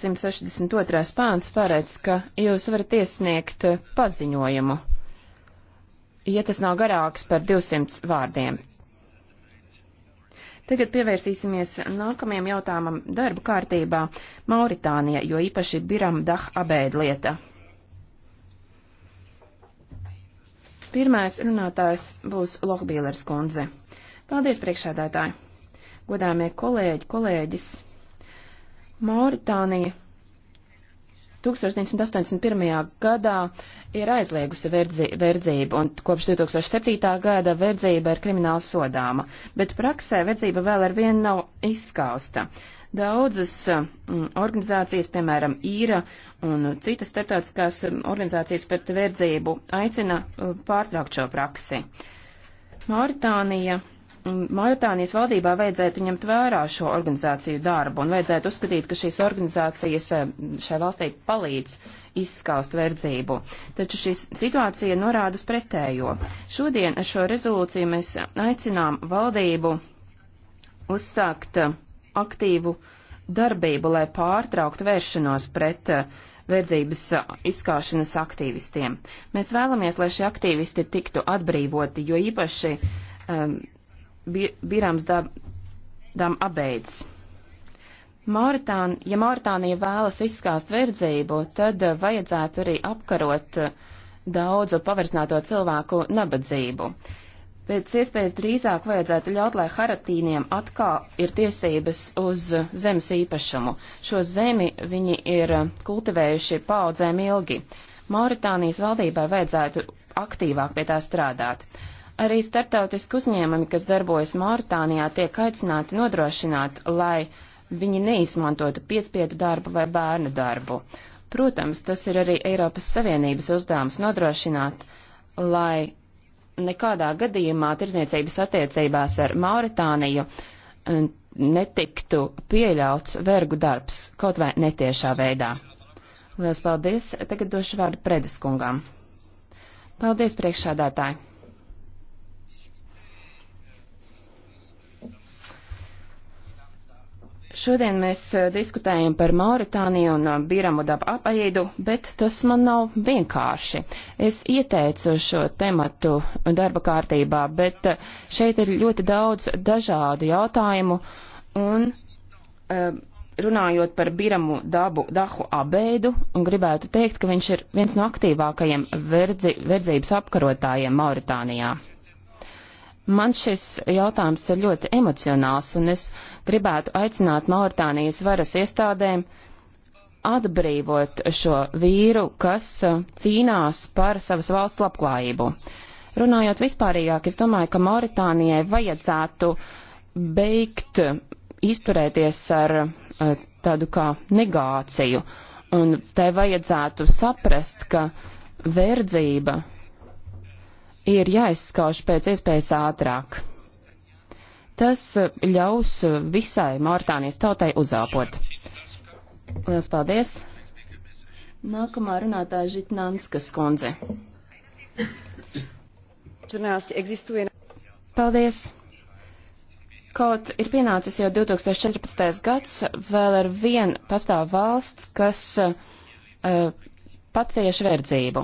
162. pāns paredz, ka jūs varat iesniegt eh, paziņojumu, ja tas nav garāks par 200 vārdiem. Tagad pievērsīsimies nākamajam jautājumam darba kārtībā - Mauritānija, jo īpaši Biram Dah abēd lieta. Pirmais runātājs būs Lohbīlers kundze. Paldies, priekšādātāji! Godāmie kolēģi, kolēģis! Mauritānija 1981. gadā ir aizliegusi verdzi, verdzību, un kopš 2007. gada verdzība ir krimināli sodāma, bet praksē verdzība vēl ar vienu nav izskausta. Daudzas mm, organizācijas, piemēram, īra un citas starptautiskās mm, organizācijas pret verdzību aicina mm, pārtraukt šo praksi. Mauritānija Mauritānijas valdībā vajadzētu ņemt vērā šo organizāciju darbu un vajadzētu uzskatīt, ka šīs organizācijas eh, šai valstī palīdz izskaust verdzību. Taču šī situācija norādas pretējo. Šodien ar šo rezolūciju mēs aicinām valdību uzsākt eh, aktīvu darbību, lai pārtrauktu vēršanos pret uh, verdzības izskaušanas aktīvistiem. Mēs vēlamies, lai šie aktīvisti tiktu atbrīvoti, jo īpaši um, Birams Dam abeids. Mauritān, ja Mauritānija vēlas izskāst verdzību, tad eh, vajadzētu arī apkarot eh, daudzu paversnāto cilvēku nabadzību. Pēc iespējas drīzāk vajadzētu ļaut, lai haratīniem atkal ir tiesības uz eh, zemes īpašumu. Šo zemi viņi ir kultivējuši paudzēm ilgi. Mauritānijas valdībai vajadzētu aktīvāk pie tā strādāt. Arī startautiski uzņēmumi, kas darbojas Mauritānijā, tiek aicināti nodrošināt, lai viņi neizmantotu piespiedu darbu vai bērnu darbu. Protams, tas ir arī Eiropas Savienības uzdevums nodrošināt, lai nekādā gadījumā tirzniecības attiecībās ar Mauritāniju eh, netiktu pieļauts vergu darbs, kaut vai netiešā veidā. Lielas paldies! Tagad došu vārdu Predeskungām. Paldies, priekšsādātāji! Šodien mēs eh, diskutējam par Mauritāniju un eh, Biramu dabu apaidu, bet tas man nav vienkārši. Es ieteicu šo tematu darba kārtībā, bet eh, šeit ir ļoti daudz dažādu jautājumu un runājot par Biramu dabu dahu abeidu, un gribētu teikt, ka viņš ir viens no aktīvākajiem verdzi, verdzības apkarotājiem Mauritānijā. Man šis jautājums ir ļoti emocionāls, un es gribētu aicināt Mauritānijas varas iestādēm atbrīvot šo vīru, kas uh, cīnās par savas valsts labklājību. Runājot vispārīgāk, es domāju, ka Mauritānijai vajadzētu beigt izturēties ar uh, tādu kā negāciju, un tai vajadzētu saprast, ka verdzība ir jāizskauž pēc iespējas ātrāk. Tas ļaus visai Mauritānijas tautai uzāpot. Lielas paldies! Nākamā runātāja Žitnānskas kundze. Paldies! Kaut ir pienācis jau 2014. gads, vēl ar vienu pastāv valsts, kas uh, eh, pacieš verdzību.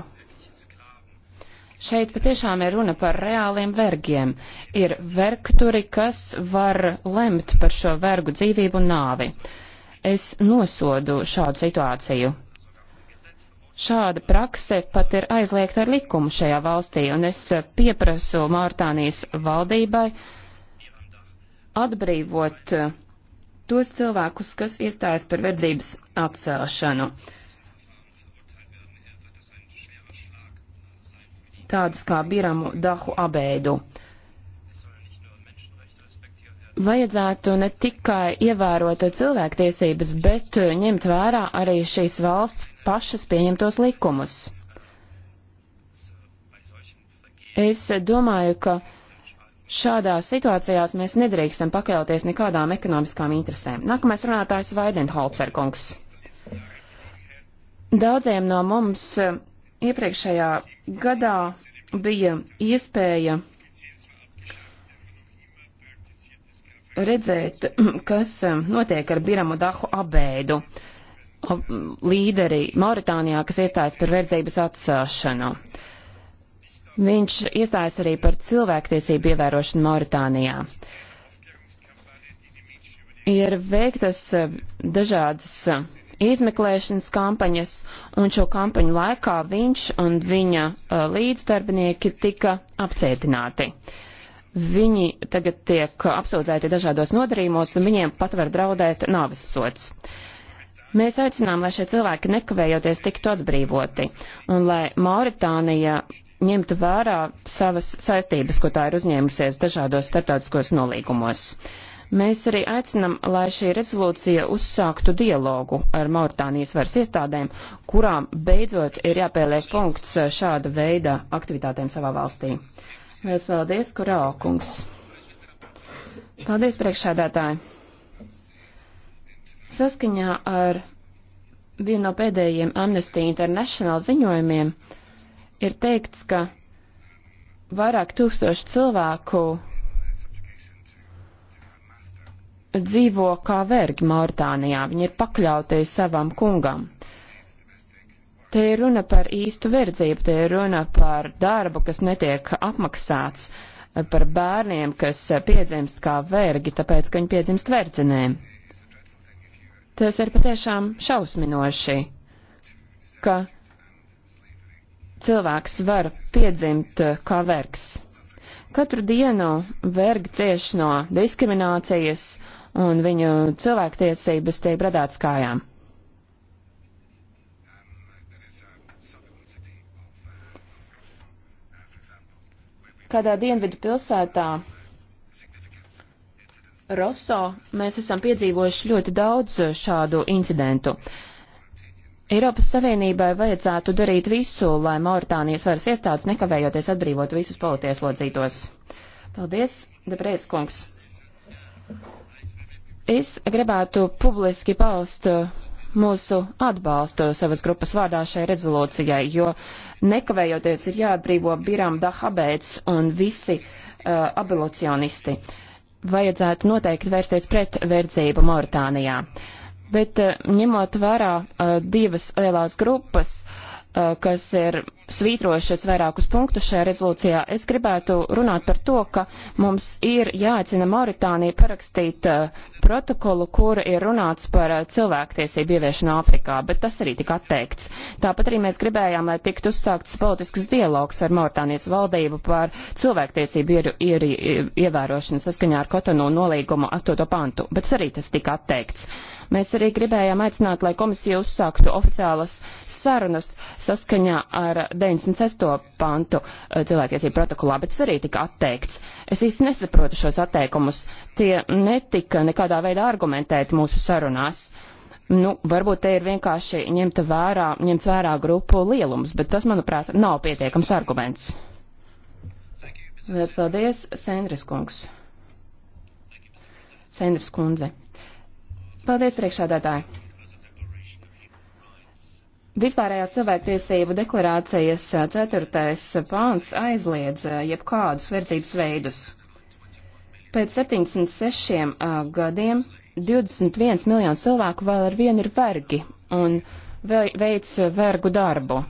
Šeit patiešām ir runa par reāliem vergiem. Ir vergturi, kas var lemt par šo vergu dzīvību un nāvi. Es nosodu šādu situāciju. Šāda prakse pat ir aizliegta ar likumu šajā valstī, un es pieprasu Mauritānijas valdībai atbrīvot tos cilvēkus, kas iestājas par verdzības atcelšanu. Uh, tādas kā biramu dahu abēdu. Vajadzētu ne tikai ievērot cilvēktiesības, bet ņemt vērā arī šīs valsts pašas pieņemtos likumus. Es domāju, ka šādās situācijās mēs nedrīkstam pakļauties nekādām ekonomiskām interesēm. Nākamais runātājs Vaidenholcer kungs. Daudziem no mums Iepriekšējā gadā bija iespēja redzēt, kas notiek ar Biramu Dahu abēdu līderi Mauritānijā, kas iestājas par verdzības atcelšanu. Viņš iestājas arī par cilvēktiesību ievērošanu Mauritānijā. Ir veiktas dažādas izmeklēšanas kampaņas, un šo kampaņu laikā viņš un viņa uh, līdzdarbinieki tika apcietināti. Viņi tagad tiek apsūdzēti dažādos nodarījumos, un viņiem pat var draudēt nāves sots. Mēs aicinām, lai šie cilvēki nekavējoties tiktu atbrīvoti, un lai Mauritānija ņemtu vērā savas saistības, ko tā ir uzņēmusies dažādos starptautiskos nolīgumos. Uh, Mēs arī aicinam, lai šī rezolūcija uzsāktu dialogu ar Mauritānijas varas iestādēm, kurām beidzot ir jāpieliek punkts šāda veida aktivitātēm savā valstī. Lielas paldies, Kurao kungs! Paldies, priekšsēdētāji! Saskaņā ar vienu no pēdējiem Amnesty International ziņojumiem ir teikts, ka vairāk tūkstoši cilvēku dzīvo kā vergi Mauritānijā, viņi ir pakļauti savam kungam. Te ir runa par īstu verdzību, te ir runa par darbu, kas netiek apmaksāts, par bērniem, kas piedzimst kā vergi, tāpēc, ka viņi piedzimst verdzinēm. Tas ir patiešām šausminoši, ka cilvēks var piedzimt kā vergs. Katru dienu vergi cieš no diskriminācijas un viņu cilvēktiesības tiek bradāts kājām. Kādā dienvidu pilsētā Rosso mēs esam piedzīvojuši ļoti daudz šādu incidentu. Uh, Eiropas Savienībai vajadzētu darīt visu, lai Mauritānijas varas iestādes nekavējoties atbrīvotu visus politieslodzītos. Paldies, Debrēs kungs. Es gribētu publiski paust uh, mūsu atbalstu savas grupas vārdā šai rezolūcijai, jo nekavējoties ir jāatbrīvo Biram Dahabēts un visi uh, abolicionisti. Vajadzētu noteikti vērsties pret verdzību Mauritānijā. Uh, Bet eh, ņemot vērā eh, divas lielās grupas, eh, kas ir svītrojušas vairākus punktus šajā rezolūcijā, es gribētu runāt par to, ka mums ir jāicina Mauritānija parakstīt protokolu, kur ir runāts par cilvēktiesību ieviešanu Āfrikā, bet tas arī tika atteikts. Tāpat arī mēs gribējām, lai tiktu uzsākts politisks dialogs ar Mauritānijas valdību par cilvēktiesību ieru, ieru, ievērošanu saskaņā ar Kotonu nolīgumu 8. pantu, bet arī tas tika atteikts. Uh, Mēs arī gribējām aicināt, lai komisija uzsāktu oficiālas sarunas saskaņā ar 96. pantu eh, cilvēktiesību protokolā, bet tas arī tika atteikts. Es īsti nesaprotu šos atteikumus. Tie netika nekādā veidā argumentēti mūsu sarunās. Nu, varbūt te ir vienkārši ņemta vērā, ņemts vērā grupu lielums, bet tas, manuprāt, nav pietiekams arguments. Lielas paldies, Sendris kungs. Sendris kundze. Paldies, priekšādātāji! Vispārējās cilvēktiesību deklarācijas 4. pāns aizliedz eh, jebkādus verdzības veidus. Pēc 76 eh, gadiem 21 miljonu cilvēku vēl ar vienu ir vergi un veic vergu darbu.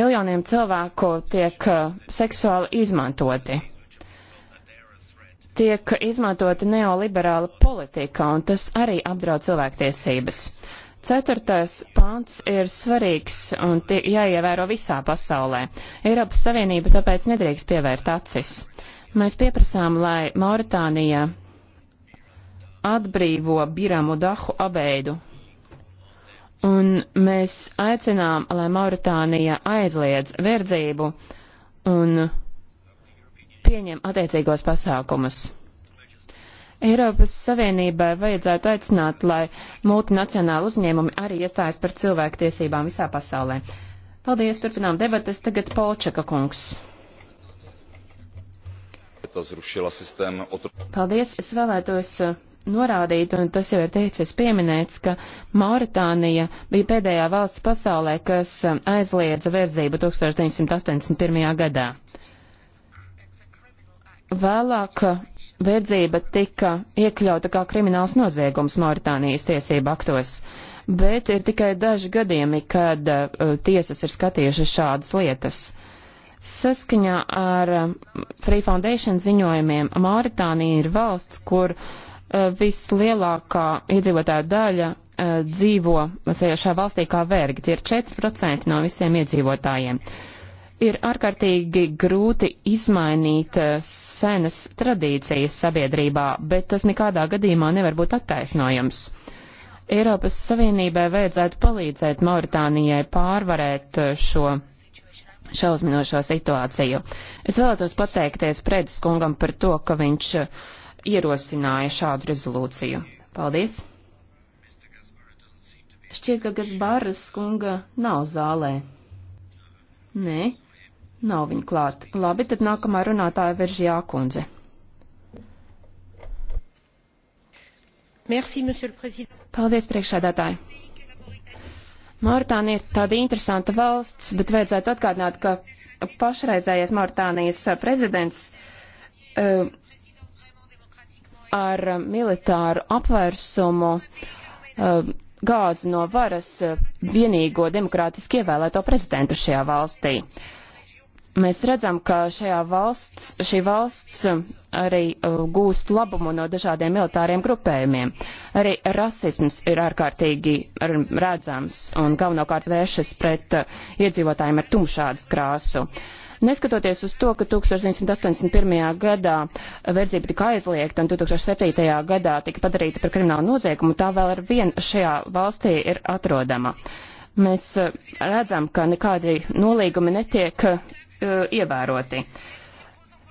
Miljoniem cilvēku tiek eh, seksuāli izmantoti tiek izmantota neoliberāla politika, un tas arī apdraud cilvēktiesības. Ceturtais pants ir svarīgs un jāievēro visā pasaulē. Eiropas Savienība tāpēc nedrīkst pievērt acis. Mēs pieprasām, lai Mauritānija atbrīvo Biramu Dahu abeidu. Un mēs aicinām, lai Mauritānija aizliedz verdzību un pieņem attiecīgos pasākumus. Eiropas Savienībai vajadzētu aicināt, lai multinacionāli uzņēmumi arī iestājas par cilvēktiesībām visā pasaulē. Paldies, turpinām debates. Tagad Polčaka kungs. Paldies, es vēlētos uh, norādīt, un tas jau ir teicies pieminēts, ka Mauritānija bija pēdējā valsts pasaulē, kas uh, aizliedza verdzību 1981. gadā. Vēlāk eh, verdzība tika iekļauta kā krimināls noziegums Mauritānijas tiesību aktos, bet ir tikai daži gadījumi, kad uh, tiesas ir skatījušas šādas lietas. Saskaņā ar uh, Free Foundation ziņojumiem Mauritānija ir valsts, kur uh, vislielākā iedzīvotāja daļa dzīvo šajā valstī kā vergi. Tie ir 4% no visiem iedzīvotājiem. Uh, ir ārkārtīgi grūti izmainīt eh, senas tradīcijas sabiedrībā, bet tas nekādā gadījumā nevar būt attaisnojams. Eiropas Savienībai vajadzētu palīdzēt Mauritānijai pārvarēt eh, šo šausminošo situāciju. Es vēlētos pateikties Prēdis kungam par to, ka viņš eh, ierosināja šādu rezolūciju. Paldies! Šķiet, ka Gasbāras kunga nav zālē. Nē. Nav viņa klāt. Labi, tad nākamā runātāja Veržijā kundze. Merci, Paldies, priekšsēdētāji. Mauritānija ir tāda interesanta valsts, bet vajadzētu atgādināt, ka pašreizējais Mauritānijas prezidents uh, ar militāru apvērsumu uh, gāzi no varas eh, vienīgo demokrātiski ievēlēto prezidentu šajā valstī. Uh, mēs redzam, ka šajā valsts, šī valsts arī uh, gūst labumu no dažādiem militāriem grupējumiem. Arī rasisms ir ārkārtīgi redzams un galvenokārt vēršas pret uh, iedzīvotājiem ar tumšādas krāsu. Neskatoties uz to, ka 1981. gadā verdzība tika aizliegta un 2007. gadā tika padarīta par kriminālu noziegumu, tā vēl ar vienu šajā valstī ir atrodama. Mēs uh, redzam, ka nekādi nolīgumi netiek uh, Eh, ievēroti.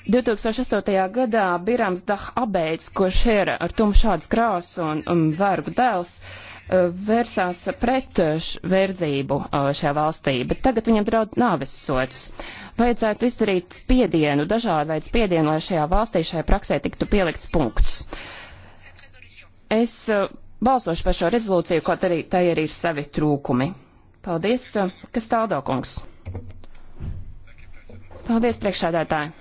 2008. gadā Birams Dah Abeits, ko šēra ar tumšādas krāsu un, un vergu dēls, eh, vērsās pret verdzību eh, šajā valstī, bet tagad viņam draud nāves sots. Vajadzētu izdarīt spiedienu, dažādu veidu spiedienu, lai šajā valstī šai praksē tiktu pielikts punkts. Es balsošu par šo rezolūciju, kaut arī tai arī ir savi trūkumi. Paldies, kas tāldokungs. Paldies, priekšsēdētāji.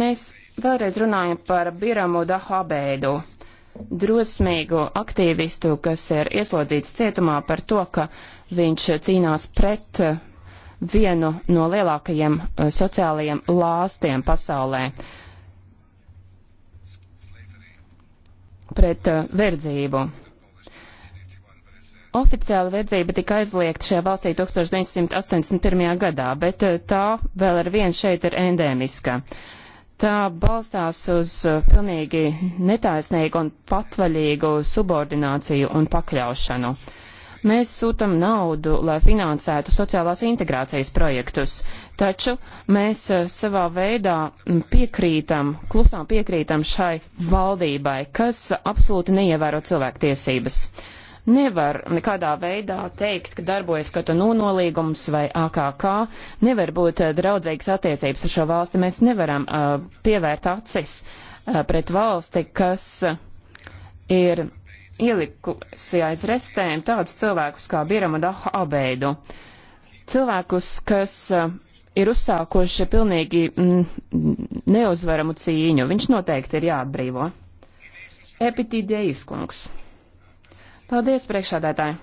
Mēs vēlreiz runājam par Biramu Dahabēdu, drosmīgu aktīvistu, kas ir ieslodzīts cietumā par to, ka viņš cīnās pret vienu no lielākajiem eh, sociālajiem lāstiem pasaulē pret eh, verdzību. Oficiāla verdzība tika aizliegta šajā valstī 1981. gadā, bet eh, tā vēl ar vienu šeit ir endēmiska. Tā balstās uz eh, pilnīgi netaisnīgu un patvaļīgu subordināciju un pakļaušanu. Mēs sūtam naudu, lai finansētu sociālās integrācijas projektus, taču mēs eh, savā veidā piekrītam, klusām piekrītam šai valdībai, kas absolūti neievēro cilvēktiesības. tiesības nevar nekādā veidā teikt, ka darbojas Kotonu nolīgums vai AKK, nevar būt eh, draudzīgas attiecības ar šo valsti. Mēs nevaram uh, pievērt acis uh, pret valsti, kas uh, ir ielikusi aiz restēm tādus cilvēkus kā Biram un Daha Abeidu. Cilvēkus, kas uh, ir uzsākoši pilnīgi mm, neuzvaramu cīņu. Viņš noteikti ir jāatbrīvo. Epitīdējas kungs. Paldies, priekšādētāji!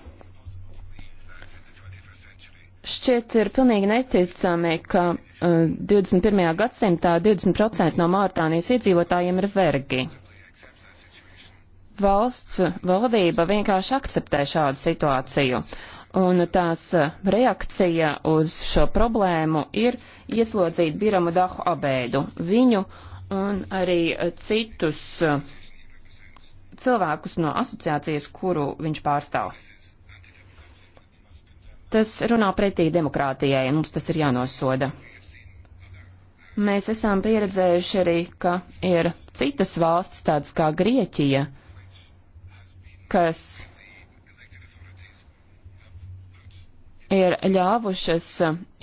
Šķiet ir pilnīgi neticami, ka uh, 21. gadsimtā 20% no Mauritānijas iedzīvotājiem ir vergi. Valsts valdība vienkārši akceptē šādu situāciju un tās reakcija uz šo problēmu ir ieslodzīt Biramu Dahu abēdu, viņu un arī citus uh, cilvēkus no asociācijas, kuru viņš pārstāv. Tas runā pretī demokrātijai, mums tas ir jānosoda. Mēs esam pieredzējuši arī, ka ir citas valstis, tādas kā Grieķija, kas ir ļāvušas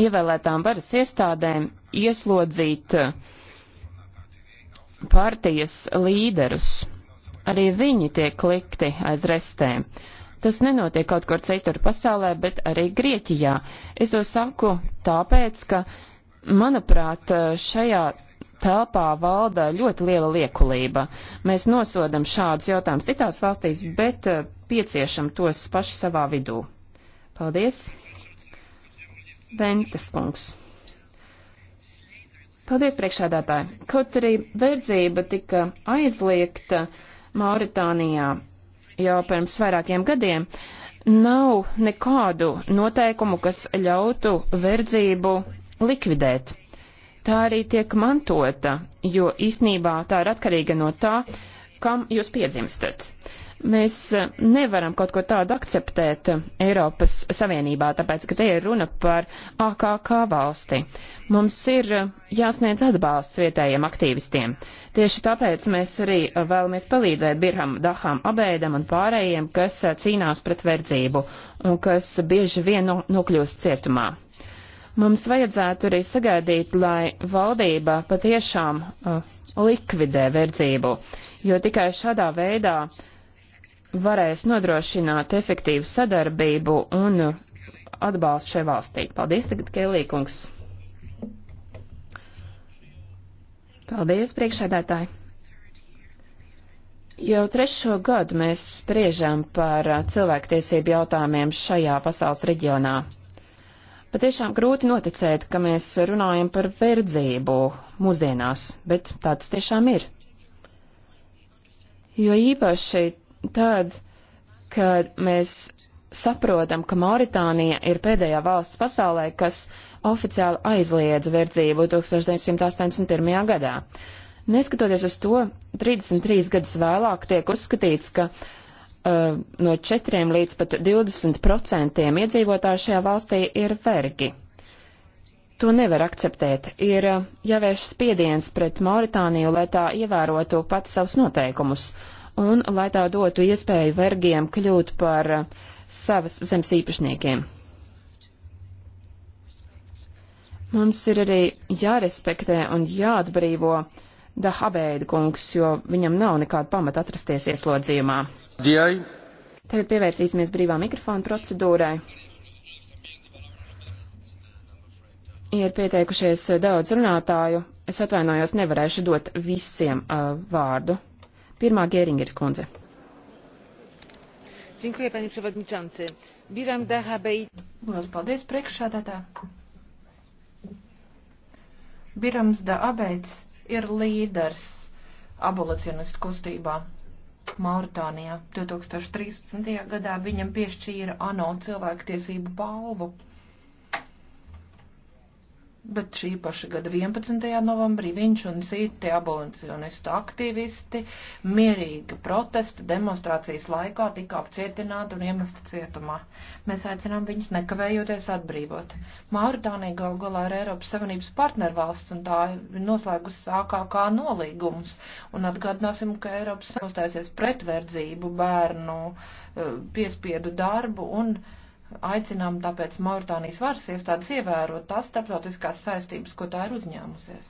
ievēlētām varas iestādēm ieslodzīt partijas līderus arī viņi tiek likti aiz restēm. Tas nenotiek kaut kur citur pasaulē, bet arī Grieķijā. Es to saku tāpēc, ka, manuprāt, šajā telpā valda ļoti liela liekulība. Mēs nosodam šādus jautājumus citās valstīs, bet eh, pieciešam tos paši savā vidū. Paldies! Ventes kungs. Paldies, priekšādātāji. Kaut arī verdzība tika aizliegta, uh, Mauritānijā jau pirms vairākiem gadiem, nav nekādu noteikumu, kas ļautu verdzību likvidēt. Tā arī tiek mantota, jo īsnībā tā ir atkarīga no tā, kam jūs piedzimstat. Mēs nevaram kaut ko tādu akceptēt Eiropas Savienībā, tāpēc, ka te ir runa par AKK valsti. Mums ir jāsniedz atbalsts vietējiem aktīvistiem. Tieši tāpēc mēs arī eh, vēlamies palīdzēt Birham, Daham, Abēdam un pārējiem, kas eh, cīnās pret verdzību un kas bieži vien nokļūst cietumā. Mums vajadzētu arī sagaidīt, lai valdība patiešām uh, likvidē verdzību, jo tikai šādā veidā varēs nodrošināt efektīvu sadarbību un atbalstu šai valstī. Paldies, tagad Kelīkungs. Paldies, priekšsēdētāji! Jau trešo gadu mēs spriežam par uh, cilvēktiesību jautājumiem šajā pasaules reģionā. Patiešām grūti noticēt, ka mēs runājam par verdzību mūsdienās, bet tāds tiešām ir. Jo īpaši tad, kad mēs saprotam, ka Mauritānija ir pēdējā valsts pasaulē, kas uh, oficiāli aizliedza verdzību 1981. gadā. Neskatoties uz to, 33 gadus vēlāk tiek uzskatīts, ka uh, no 4 līdz pat 20% iedzīvotāju šajā valstī ir vergi. To nevar akceptēt. Ir uh, jāvērš spiediens pret Mauritāniju, lai tā ievērotu pati savus noteikumus un lai tā dotu iespēju vergiem kļūt par uh, savas zemes īpašniekiem. Mums ir arī jārespektē un jāatbrīvo Dahabeida kungs, jo viņam nav nekāda pamata atrasties ieslodzījumā. Diai. Tagad pievērsīsimies brīvā mikrofona procedūrai. Ir pieteikušies daudz runātāju. Es atvainojos, nevarēšu dot visiem uh, vārdu. Pirmā Gēringeris kundze. Dziękuję, panie przewodniczący. Biram Dahabeid. Paldies, priekšsādātā. Birams da Abeits ir līders abolicionistu kustībā Mauritānijā. 2013. gadā viņam piešķīra ANO cilvēktiesību balvu. Bet šī paša gada 11. novembrī viņš un citi abolicionistu aktīvisti mierīga protesta demonstrācijas laikā tika apcietināti un iemesti cietumā. Mēs aicinām viņus nekavējoties atbrīvot. Mauritānija gal galā ir Eiropas Savienības partnervalsts un tā ir noslēgusi AKK nolīgumus. Un atgādināsim, ka Eiropas Savienības stāsies pretverdzību, bērnu, eh, piespiedu darbu un. Uh, Aicinām tāpēc Mauritānijas varas iestādes ievērot tās starptautiskās saistības, ko tā ir uzņēmusies.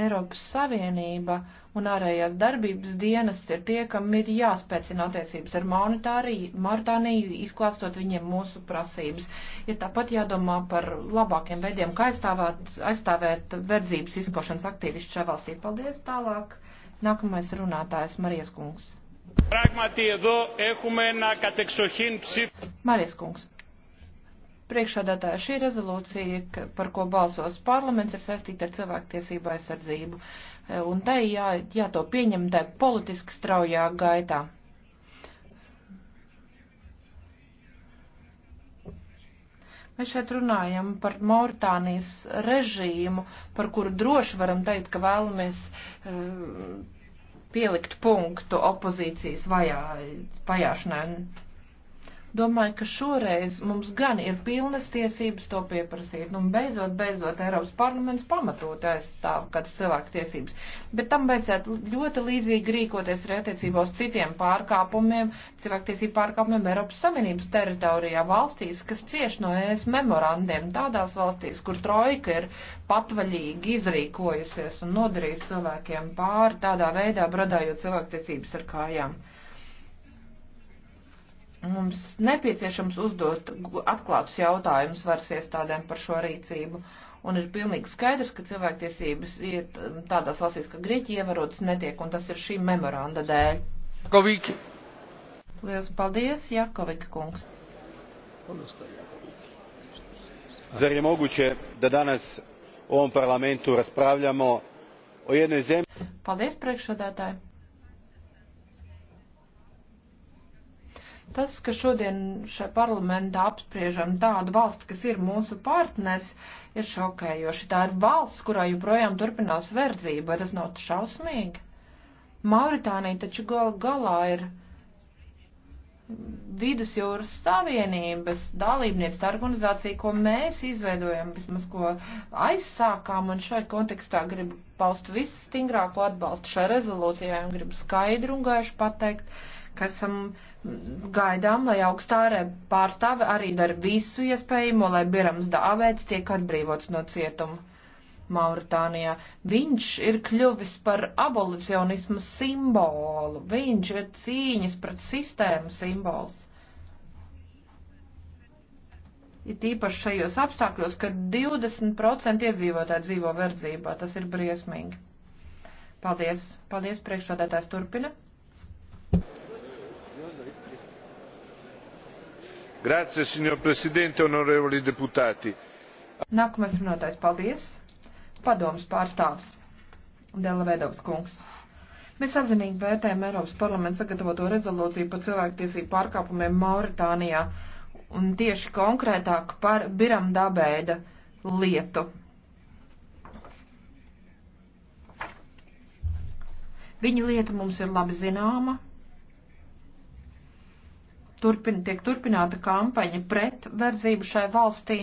Eiropas Savienība un ārējās darbības dienas ir tie, kam ir jāspēcina attiecības ar Mauritāniju, izklāstot viņiem mūsu prasības. Ir tāpat jādomā par labākiem veidiem, kā aizstāvēt, aizstāvēt verdzības izkošanas aktīvišķu šajā valstī. Paldies tālāk. Nākamais runātājs Marijas Kungs. Pragmatī, edo έχουμε ένα κατεξοχήν ψήφο. Marijas kungs. Priekšādātāja šī rezolūcija, par ko balsos parlaments, ir saistīta ar cilvēktiesību aizsardzību. Eh, un te jā, jā to pieņem te politiski straujā gaitā. Mēs šeit runājam par Mauritānijas režīmu, par kuru droši varam teikt, ka vēlamies uh, pielikt punktu opozīcijas vajā, vajāšanai un Domāju, ka šoreiz mums gan ir pilnas tiesības to pieprasīt. Nu, un beidzot, beidzot, Eiropas parlaments pamatot aizstāv kādas cilvēku tiesības. Bet tam beidzētu ļoti līdzīgi rīkoties arī attiecībā uz citiem pārkāpumiem, cilvēktiesību pārkāpumiem Eiropas Savienības teritorijā valstīs, kas cieši no ES memorandiem tādās valstīs, kur trojka ir patvaļīgi izrīkojusies un nodarījis cilvēkiem pāri tādā veidā, bradājot cilvēktiesības ar kājām. Mums nepieciešams uzdot atklātus jautājumus varas iestādēm par šo rīcību. Un ir pilnīgi skaidrs, ka cilvēktiesības ir um, tādās valstīs, ka Grieķija ievarotas netiek, un tas ir šī memoranda dēļ. Jakovīki. Lielas paldies, Jakovika kungs. Zar je moguće da danas u ovom parlamentu raspravljamo o jednoj zemlji... Paldies, priekšsādātāji. Tas, ka šodien šajā parlamentā apspriežam tādu valsti, kas ir mūsu partners, ir šokējoši. Tā ir valsts, kurā joprojām turpinās verdzība, vai tas nav šausmīgi? Mauritānija taču gal galā ir Vidusjūras Savienības dalībniece organizācija, ko mēs izveidojam, vismaz ko aizsākām, un šai kontekstā gribu paust visstingrāko atbalstu šai rezolūcijai un gribu skaidru un gaišu pateikt, ka esam mm, gaidām, lai augstā pārstāve arī dara visu iespējamo, lai Birams Dāvēts tiek atbrīvots no cietuma. Mauritānijā. Viņš ir kļuvis par abolicionismu simbolu. Viņš ir cīņas pret sistēmu simbols. Ir tīpaši šajos apstākļos, kad 20% iedzīvotāji dzīvo verdzībā. Tas ir briesmīgi. Paldies. Paldies, priekšsādātājs turpina. Grācie, signor prezidente, honorevoli deputāti. Nākamais runātājs, paldies. Padomas pārstāvs Delavedovs kungs. Mēs atzinīgi vērtējam Eiropas parlamentu sagatavoto rezolūciju par cilvēktiesību pārkāpumiem Mauritānijā un tieši konkrētāk par Biram Dabēda lietu. Viņa lieta mums ir labi zināma turpin, tiek turpināta kampaņa pret verdzību šai valstī.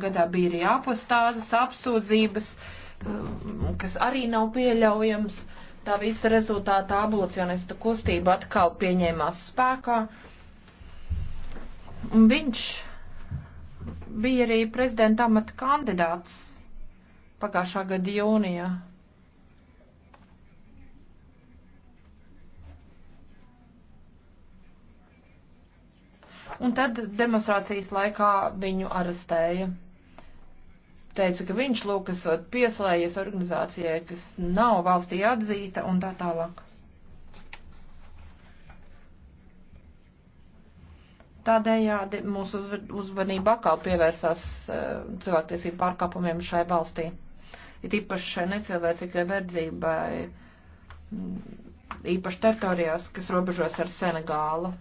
gadā bija arī apostāzes apsūdzības, um, kas arī nav pieļaujams. Tā visa rezultātā abolicionista kustība atkal pieņēmās spēkā. Un viņš bija arī prezidenta amata kandidāts pagājušā gada jūnijā. Un tad demonstrācijas laikā viņu arestēja. Teica, ka viņš lūk esot pieslējies organizācijai, kas nav valstī atzīta un tā tālāk. Tādējādi mūsu uzmanība atkal pievērsās uh, cilvēktiesību pārkāpumiem šai valstī. Ir īpaši šai necilvēcīgai verdzībai, mm, īpaši teritorijās, kas robežos ar Senegālu.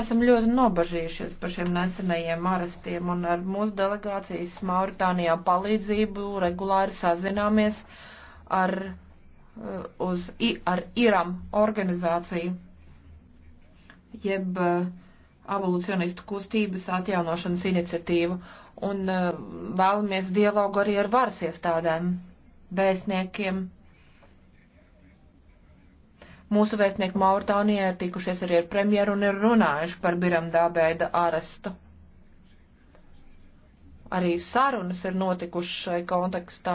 Esam ļoti nobažījušies par šiem nesenajiem arestiem un ar mūsu delegācijas Mauritānijā palīdzību regulāri sazināmies ar, uh, uz, ar IRAM organizāciju, jeb evolucionistu uh, kustības atjaunošanas iniciatīvu, un uh, vēlamies dialogu arī ar varas iestādēm, vēstniekiem Mūsu vēstnieki Mauritānijā ir tikušies arī ar premjeru un ir runājuši par Biramdābēda arestu. Arī sarunas ir notikušas šai kontekstā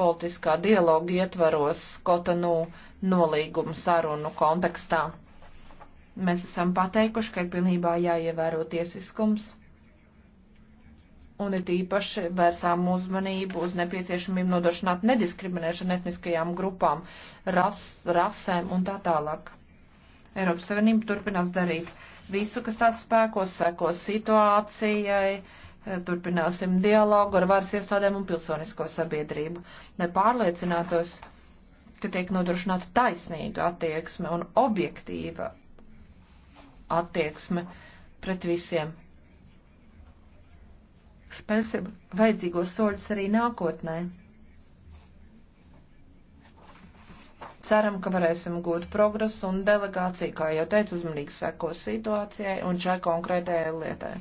politiskā dialoga ietvaros Kotonu nolīguma sarunu kontekstā. Mēs esam pateikuši, ka ir pilnībā jāievēro tiesiskums un it īpaši vērsām uzmanību uz nepieciešamību nodrošināt nediskriminēšanu etniskajām grupām, ras, rasēm un tā tālāk. Eiropas Savienība turpinās darīt visu, kas tās spēkos, sekos situācijai, turpināsim dialogu ar varas iestādēm un pilsonisko sabiedrību, lai pārliecinātos, ka tiek nodrošināta taisnīga attieksme un objektīva attieksme pret visiem spērsim vajadzīgos soļus arī nākotnē. Ceram, ka varēsim gūt progresu un delegācija, kā jau teicu, uzmanīgi sekos situācijai un šai konkrētajai lietai.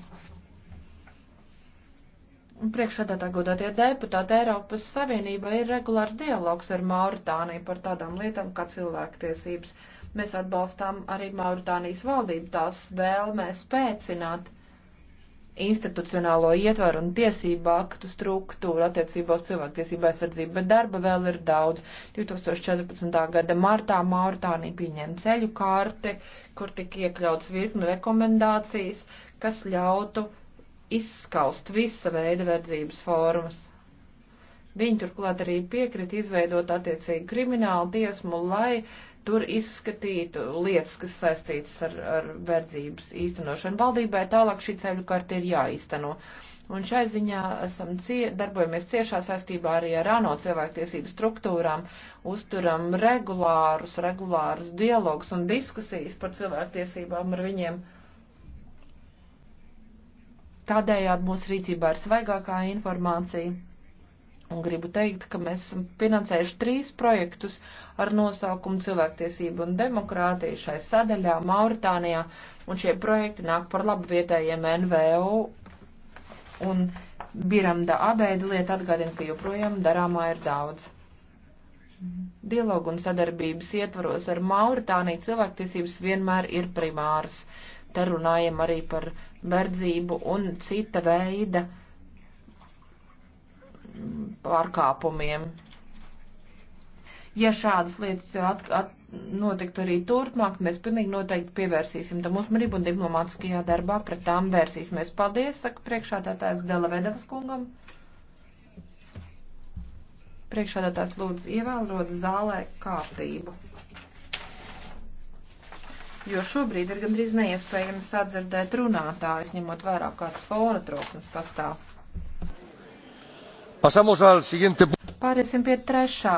Priekšsēdētā godātie deputāti Eiropas Savienība ir regulārs dialogs ar Mauritāniju par tādām lietām kā cilvēktiesības. Mēs atbalstām arī Mauritānijas valdību tās vēlmē spēcināt institucionālo ietvaru un tiesību aktu struktūru attiecībā uz cilvēktiesību aizsardzību, bet darba vēl ir daudz. 2014. gada martā Mauritānija pieņēma ceļu karti, kur tika iekļauts virkni rekomendācijas, kas ļautu izskaust visa veida verdzības formas. Viņi turklāt arī piekrita izveidot attiecīgu kriminālu tiesmu, lai uh, tur izskatītu lietas, kas saistītas ar, ar verdzības īstenošanu. Valdībai tālāk šī ceļu karta ir jāīsteno. Un šai ziņā esam cie, darbojamies ciešā saistībā arī ar ANO cilvēktiesību struktūrām, uzturam regulārus, regulārus dialogus un diskusijas par cilvēktiesībām ar viņiem. Tādējādi mūsu rīcībā ir svaigākā informācija Un gribu teikt, ka mēs esam finansējuši trīs projektus ar nosaukumu cilvēktiesību un demokrātiju šai sadaļā Mauritānijā, un šie projekti nāk par labu vietējiem NVO. Un Biramda abēda lieta atgādina, ka joprojām darāmā ir daudz. Dialogu un sadarbības ietvaros ar Mauritāniju cilvēktiesības vienmēr ir primāras. Te runājam arī par verdzību un cita veida uh, pārkāpumiem. Ja šādas lietas at, at, notiktu arī turpmāk, mēs pilnīgi noteikti pievērsīsim tam uzmanību un diplomātiskajā darbā pret tām vērsīsimies. Paldies, saka priekšādātājs Gala Vedevas kungam. Priekšādātājs lūdzu ievērot zālē kārtību. Jo šobrīd ir gandrīz neiespējami sadzirdēt runātājus, ņemot vērā kāds fona troksnis pastāv. Pāriesim pie trešā